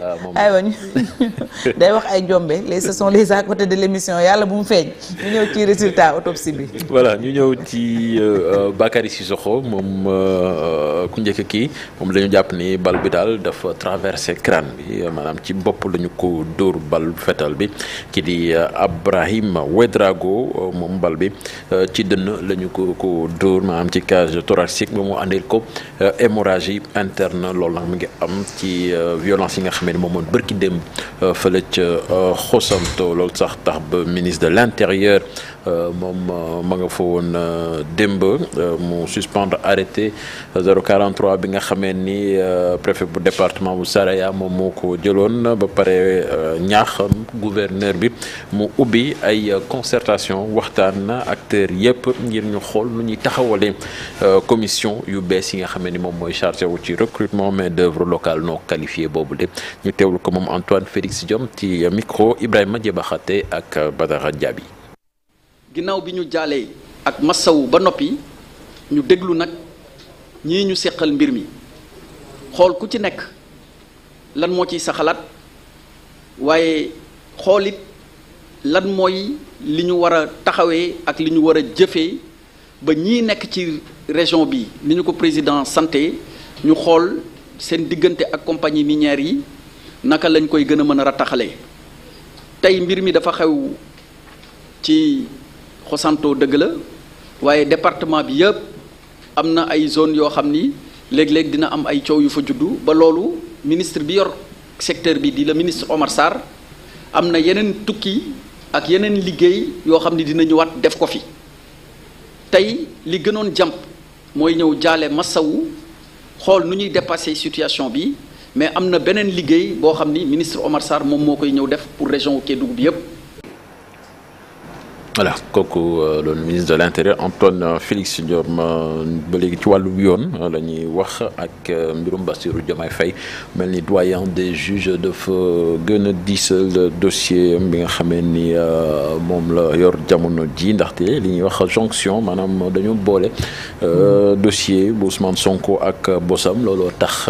Euh, ah, aywa ñu day wax ay jombe les ce sont les à côté de l'émission yàlla bu mu feeñ ñu ñëw ci résultat autopsie bi voilà ñu ñëw ci euh, euh, Bakary Sissoko moom ku njëkk kii moom lañu jàpp ni bal bi daal dafa traversé crâne bi maanaam ci bopp lañu ko dóor bal fetal bi ki di Abrahim Wedrago moom bal bi ci dënn lañu ko ko dóor maanaam ci cage thoracique ba mu àndil ko hémorragie interne loolu nag mu ngi am ci violence yi nga xam ne moom mooy bërki dem euh, fële ca euh, xosanto loolu sax tax ba ministre de l'intérieur Euh, moom euh, ma nga fa woon euh, démb mu suspendre arrêté 043 bi nga xamee ni préfet bu département bu Saraya moom moo ko jëloon ba pare ñaax gouverneur bi mu ubbi ay concertation waxtaan acteur yëpp ngir ñu xool nu ñuy taxawale commission yu bees yi nga xamee ni moom mooy chargé wu ci recrutement mais d'œuvre locale non qualifiée boobu de ñu teewul ko moom Antoine Félix jom ci micro Ibrahima Diabakhate ak Badara yi ginnaaw bi ñu jaalee ak massawu ba noppi ñu déglu nag ñii ñu seqal mbir mi xool ku ci nekk lan moo ciy sa xalaat waaye xoolit lan mooy li ñu war a taxawee ak li ñu war a jëfee ba ñii nekk ci région bi ni ñu ko président santé ñu xool seen diggante ak compagnie minière yi naka lañ koy gën a mën a rataxalee tey mbir mi dafa xew ci Xosanto dëgg la waaye département bi yëpp am na ay zone yoo xam ni léeg-léeg dina am ay coow yu fa juddu ba loolu ministre bi yor secteur bi di la ministre Omar Sarr am na yeneen tukki ak yeneen liggéey yoo xam ni dina ñëwaat def ko fi tey li gënoon jàmp mooy ñëw jaale massawu xool nu ñuy dépasser situation bi mais am na beneen liggéey boo xam ni ministre Omar Sarr moom moo koy ñëw def pour région Kédougou bi yëpp voilà kooku euh, le ministre de l'intérieur Antoine euh, Félix Diome euh, ba léegi ci wàllu yoon la ñuy wax ak mbirum Bassirou Diomaye Faye mel ni doyen des de dafa gën a diisal dossier bi nga xamee ni moom la yor jamono ji ndaxte li ñuy wax jonction maanaam dañoo boole dossier bu Ousmane Sonko ak Bosam looloo tax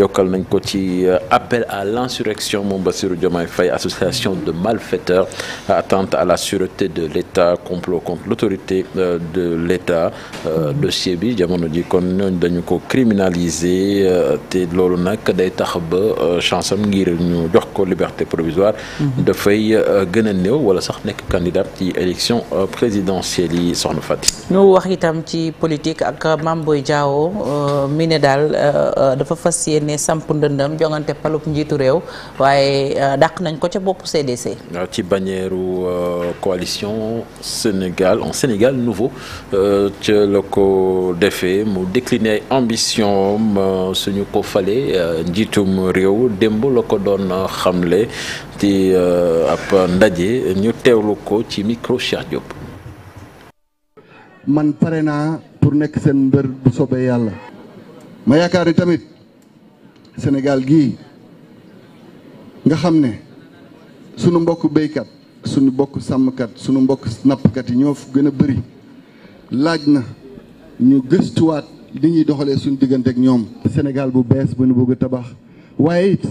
yokkal nañ ko ci appel à l'insurrection moom Bassirou Diomaye Faye association de malfaiteurs attente à la sûreté de de l'État complot contre l'autorité euh, de l'État euh, dossier bi jamono ji kon ñooñ dañu ko criminaliser euh, te loolu nag day tax ba chance am ngir ñu jox ko liberté provisoire mhm. dafay gën a néew wala sax nekk candidat ci élection présidentielle yi soxna Fati ñu wax itam ci politique ak Mame Boye Diao mi ne daal dafa fas yéene samp ndëndam jongante palub njiitu réew waaye dàq nañ ko ca bopp CDC ci bannière coalition vision Sénégal en Sénégal nouveau euh, ca la ko defee mu décliné ay ambition euh, suñu ko falee euh, njiitum réew démb la ko doon xamle ci ab ndaje ñu teewlu ko ci micro Cheikh Diop. man pare naa pour nekk seen mbër bu soobee yàlla. ma yaakaar ni tamit Sénégal gii nga xam ne sunu mbokku béykat. suñu bokk sàmmkat suñu mbokk nappkat yi ñoo gën a bëri laaj na ñu gëstuwaat li ñuy doxalee suñu diggante ak ñoom. Sénégal bu bees bu ñu bëgg tabax waaye it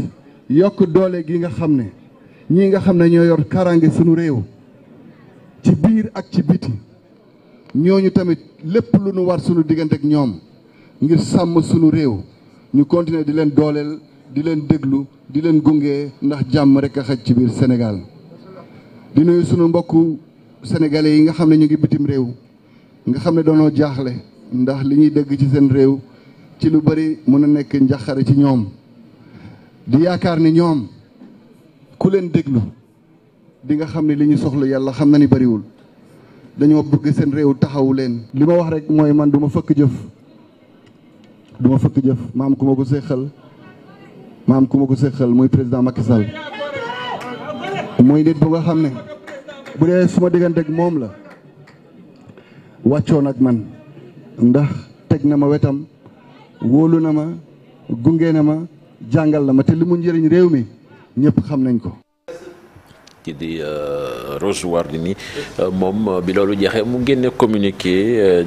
yokk doole gi nga xam ne ñii nga xam ne ñoo yor kaaraange suñu réew ci biir ak ci biti ñooñu tamit lépp lu ñu war suñu diggante ak ñoom ngir sàmm suñu réew ñu continuer di leen dooleel di leen déglu di leen gunge ndax jàmm rek a xaj ci biir Sénégal. di nuyu sunu mbokku sénégalais yi nga xam ne ñu ngi bitim réew nga xam ne doonoo jaaxle ndax li ñuy dégg ci seen réew ci lu bari mën a nekk njaxare ci ñoom di yaakaar ni ñoom ku leen déglu di nga xam ne li ñu soxla yàlla xam na ni bariwul dañoo bëgg seen réew taxawu leen li ma wax rek mooy man duma ma fëkk jëf du ma fëkk jëf maam ku ma ko séqal maam ku ma ko séqal muy président Macky muy nit bu nga xam ne bu dee suma digganteeg moom la wàccoon ak man ndax teg na ma wetam wóolu na ma gunge na ma jàngal na ma te li mu njëriñ réew mi ñëpp xam nañ ko. ki di euh, Rose Wardini euh, moom euh, bi loolu jeexee mu génne communiqué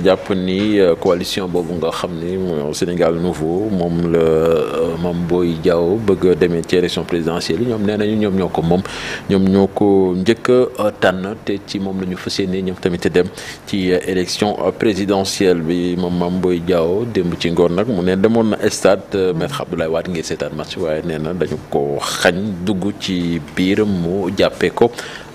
jàpp ni coalition boobu nga xam ni Sénégal nouveau moom la moom Boy Diaw bëgg demee ci élection présidentielle ñoom nee nañu ñoom ñoo ko moom ñoom ñoo ko njëkk a tànn te ci moom la ñu fas yéene ñoom tamit dem ci élection présidentielle bi moom Mame booy Diaw démb ci ngoon nag mu ne demoon na stade mm. Maître Abdoulaye waat ngir seetaan match waaye nee na dañu ko xañ dugg ci biir mu jàpp jàppee ko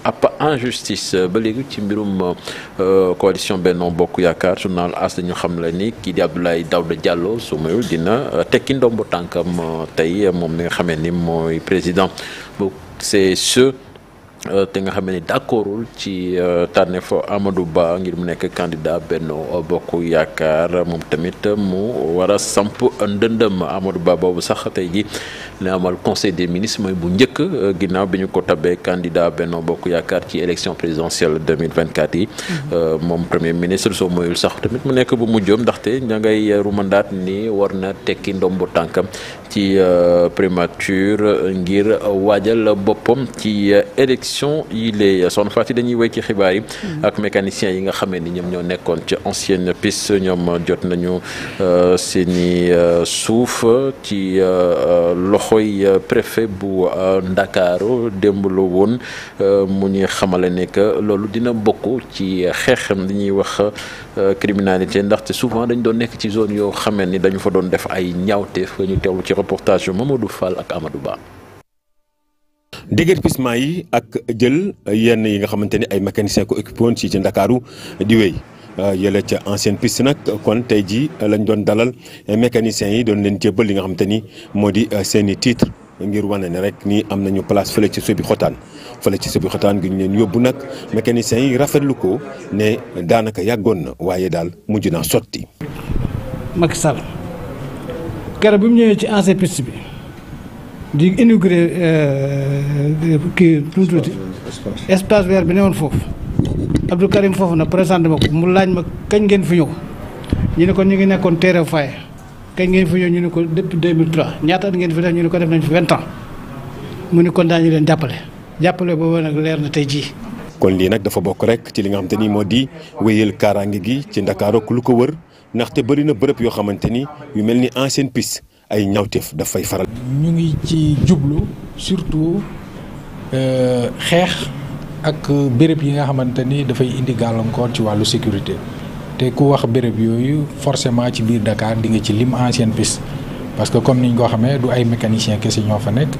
ab injustice ba léegi ci mbirum euh, coalition Benno Bokk Yaakaar journal As dañu xam la ni kii di Abdoulaye Daouda Diallo su mayul dina euh, tekki ndombu tànkam euh, tey moom mi nga xamee ni mooy président bu CSE te nga xam ne d'accordul ci tànneef Amadou Ba ngir mu nekk candidat Benno Bokk Yaakaar moom tamit mu war a samp ndëndëm Amadou Ba boobu sax tey ji na amal conseil des ministres mooy bu njëkk euh, ginnaaw bi ñu ko tabee candidat Benno Bokk Yaakaar ci élection présidentielle 2024 yi mhm. euh, moom premier ministre soo moyul sax tamit mu nekk bu mujjoom ndaxte ña ngay rumandaat ni war na tekki ndombu tànkam ci euh, primature ngir waajal boppam ci élection yi lay son fàttali dañuy wéy ci xibaar yi mhm. ak mécaniciens yi nga xamee ni ñoom ñoo nekkoon ci ancienne piste ñoom jot nañu seeni suuf ci loxo Khoy euh, préfet bu euh, Ndakaaru démb la woon euh, mu ñuy xamale ne que loolu dina bokk ci xeexam li ñuy wax criminalité ndaxte souvent dañ doon nekk ci zone yoo xamee ni dañu fa doon def ay ñaawteef fa ñu teewlu ci reportage yu Mamadou Fall ak Amadou Ba. déguerpissement yi ak jël yenn yi nga xamante ni ay mécaniciens ko occupé ci ci Ndakaaru di wéy. Euh, yële ca ancienne piste nag kon tey jii lañ doon dalal mécaniciens yi doon leen jébbal li nga xam te ni moo di euh, seeni i ngir wane ne rek nii am nañu place fële ci sobi xotaan fële ci sobi xotaan gi ñu leen yóbbu nag mécaniciens yi rafetlu ko ne daanaka yàggoon na waaye daal mujj naa sotti. Macky Sall keroog bi mu ñëwee ci ancienne piste bi di inauguré euh, kii nu mu tuddati espace vert bi newoon foofu. Abdou Karim foofu na présenté ma ko mu laaj ma kañ ngeen fi ñëw ñu ne ko ñu ngi nekkoon terre faye kañ ngeen fi ñëw ñu ne ko depuis 2003 ñaata at ngeen fi def ñu ne ko def nañ fi 20 ans mu ne kon daañu leen jàppale jàppale boobu nag leer na tey jii. kon lii nag dafa bokk rek ci li nga xamante ni moo di wéyal kaaraange gi ci Ndakaaru lu ko wër ndaxte bëri na bërëb yoo xamante ni yu mel ni ancienne piste ay ñawteef dafay faral. ñu ngi ci jublu surtout euh, xeex. ak béréb yi nga xamante ni dafay indi gàllankoor ci wàllu sécurité te ku wax béréb yooyu forcément ci biir Dakar di nga ci lim ancienne piste parce que comme niñ ko xamee du ay mécanicien kese ñoo fa nekk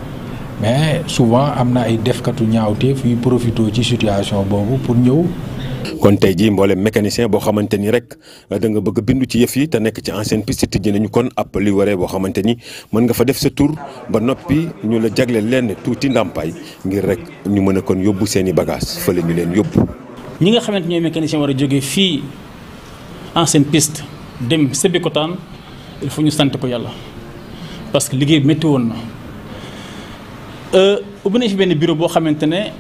mais souvent am na ay defkatu ñaawteef yu profité ci situation boobu pour ñëw kon tey jii mboole mécanicien boo xamante ni rek danga nga bëgg bindu ci yëf yi te nekk ci ancienne piste tijji nañu kon ab li waree boo xamante ni mën nga fa def sa tur ba noppi ñu la jagleel leen tuuti ndàmpaay ngir rek ñu mën a kon yóbbu seen i bagage fële ñu leen yóbbu. ñi nga xamante ñooy mécanicien war a jógee fii ancienne piste dem Sébikotane il faut ñu sante ko yàlla parce que liggéey métti woon na euh, ubbi nañ fi benn bureau boo xamante ne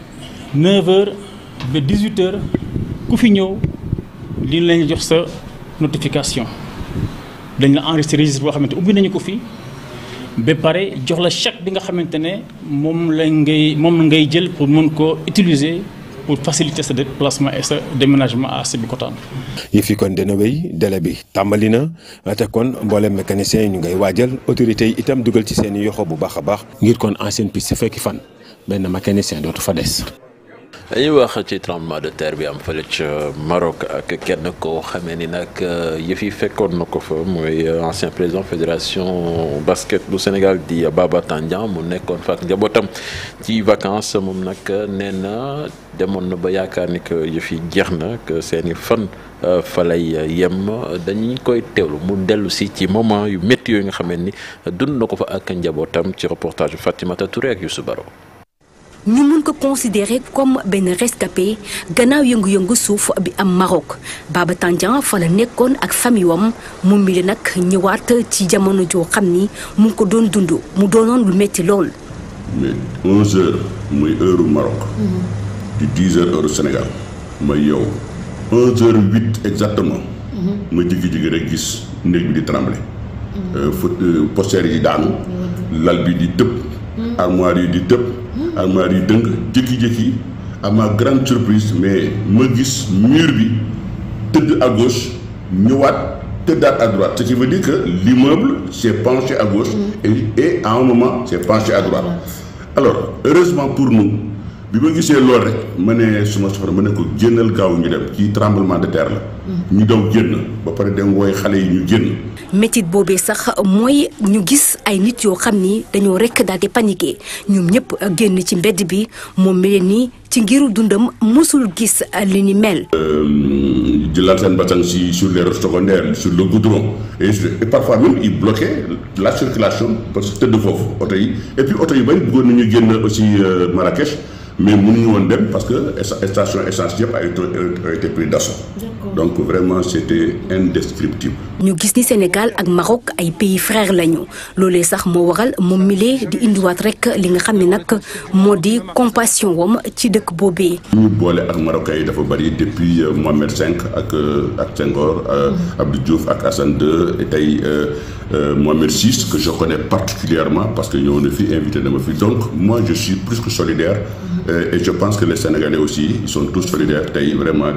9 h ku fi ñëw li lañ jox sa notification dañ la enregistré registre boo xamante ubbi nañu ko fi ba pare jox la chaque bi nga xamante ne moom la ngay moom ngay jël pour mën ko utiliser pour faciliter sa déplacement et sa déménagement à Sébikotane. yi fi kon dana wéy délai bi tàmbali na te kon mboolem mécanicien yi ñu ngay waajal autorité yi itam dugal ci seen yoxo bu baax a baax. ngir kon en ancienne piste fekki fan benn mécanicien dootu fa des. dañuy wax ci tremblement de terre bi am fële ca Maroc ak kenn koo xamee ni nag euh, yëf yi fekkoon na ko fa mooy euh, ancien président fédération basket bu Sénégal di Baba Tandian mu nekkoon fa ak njabootam ci vacance moom nag nee na demoon na ba yaakaar ni que yëf yi jeex na que seeni fan euh, fa lay yem dañuy koy teewlu mu dellu si ci moment yu métti yooyu nga xamee ni dund na ko fa ak njabootam ci reportage Fatimata Touré ak Youssou Baro ñu mun ko considérer comme benn rescapé gannaaw yëngu-yëngu suuf bi am Maroc Baba Tandian fa la nekkoon ak famiyam moom mi la nag ñëwaat ci jamono joo xam ni mu ngi ko doon dund mu doonoon lu metti lool. mais 11 heures muy heure Maroc. di 10 heures Sénégal. ma yow 11 heures 8 exactement. ma jigi-jigi rek gis néeg bi di tremblé. Euh, fa euh, posters yi daanu. lal bi di tëb. Mm. armoire yi di tëb. armoire yi dëng jékki-jékki à ma grande surprise mais ma gis mur bi tëdd à gauche ñëwaat tëddaat à droite ce qui veut dire que l'immeuble s'est penché à gauche mm. et, et à un penché à alors heureusement pour nous bi ma gisee lool rek ma ne suma soxna ma ne ko génnal gaaw ñu dem ci tremblement de terre la. ñu daw génn ba pare dem wooy xale yi ñu génn. métit boobee sax mooy ñu gis ay nit yoo xam ni dañoo rek daal di paniqué ñoom ñëpp génn ci mbedd bi moom mel ni ci ngiru dundam mosul gis li ni mel. Euh, di laal seen basang si sur les routes secondaires sur le goudron et parfois même ils bloquaient la circulation parce que tëdd foofu oto yi et puis oto yi bañ bëggoon nañu génn aussi euh, Marrakech. mais mënuñu woon dem parce que station essence yëpp a été pris d'assaut donc vraiment c'était indescriptible. ñu gis ni Sénégal ak Maroc ay pays frères lañu loolee sax moo waral moom milee di indiwaat rek li nga xam ne nag moo di compassion wam ci dëkk boobee. ñu boole ak marocains yi dafa bari depuis euh, Mohamed V ak euh, ak Senghor. Euh, mm. Abdou Diouf ak Hassan II tey Mohamed VI que je connais particulièrement parce que ñëw na fi invité na ma fi donc mois je suis plus que solidaire. Mm. et je pense que les Sénégalais aussi ils sont tous solidaires tey vraiment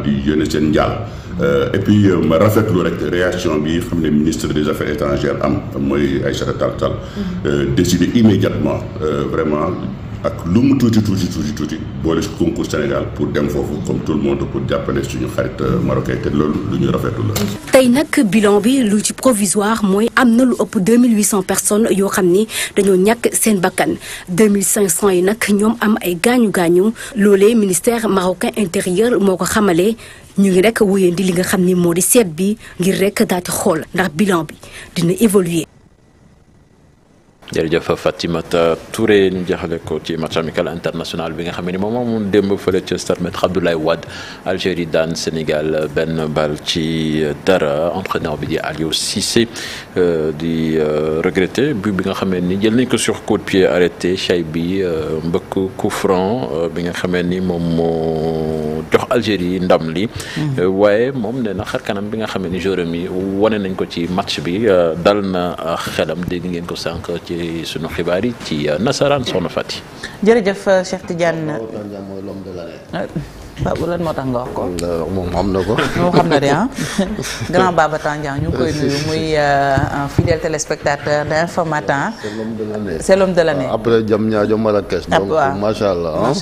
seen njaal. Euh, et puis euh, ma rafetlu rek réaction bi xam ne ministre des affaires étrangères am mooy Aïssata Tall Sall mm-hmm. euh, décider immédiatement vraiment ak lu mu tuuti tuuti tuuti boole concours Sénégal pour dem foofu comme tout le monde pour jàppale suñu xarit marocain te loolu lu ñu rafetlu la. tey nag bilan bi lu ci provisoire mooy am na lu ëpp 2800 personnes yoo xam ni dañoo ñàkk seen bakkan 2500 yi nag ñoom am ay gaañu gaañu loolee ministère marocain intérieur moo ko xamalee. ñu ngi rek wóyandi li nga xam ni moo di seet bi ngir rek daal xool ndax bilan bi dina évoluer. jërëjëf Fatimata Touré ñu jaxale ko ci match amical international bi nga xam ni moom moom démb fële ca stade Me Abdoulaye Wade Algérie daan Sénégal benn bal ci dara entraîneur bi di Aliou Cissé euh, di euh, regretté but bi nga xam ni jël nañ ko sur coup de pied bi euh, mbëkk coup franc bi nga xam ni moom moo. jox Algérie ndam li mm-hmm. euh, waaye moom nee na kanam bi nga xam ne joram wone nañ ko ci match bi euh, dal na euh, xelam di ngeen ko sànq ci suñu xibaar yi ci nasaraan soxna Fati. jërëjëf Cheikh Tidiane. Babou lan moo tax nga wax ko. moom xam na ko. moom xam na de ah. grand Baba Tandian ñu ngi koy nuyu muy un fidèle téléspectateur d'Infos Matin. c'est l'homme de l'année. c'est l'homme de l'année. après Diamniadio Marrakech. allah macha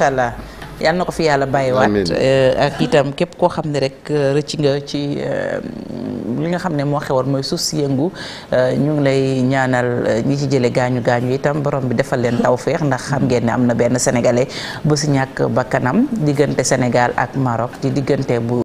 allah. yal na ko fi yàlla bàyyiwaat eh, ak itam képp koo xam ne rek eh, rëcc nga ci eh, li nga xam ne moo xewoon mooy suuf si yëngu ñu ngi lay ñaanal ñi ci jële gaañu gaañu itam borom bi defal leen tawféex ndax xam ngeen ne am na benn sénégalais bu si ñàkk bakkanam diggante Sénégal ak Maroc ci diggante bu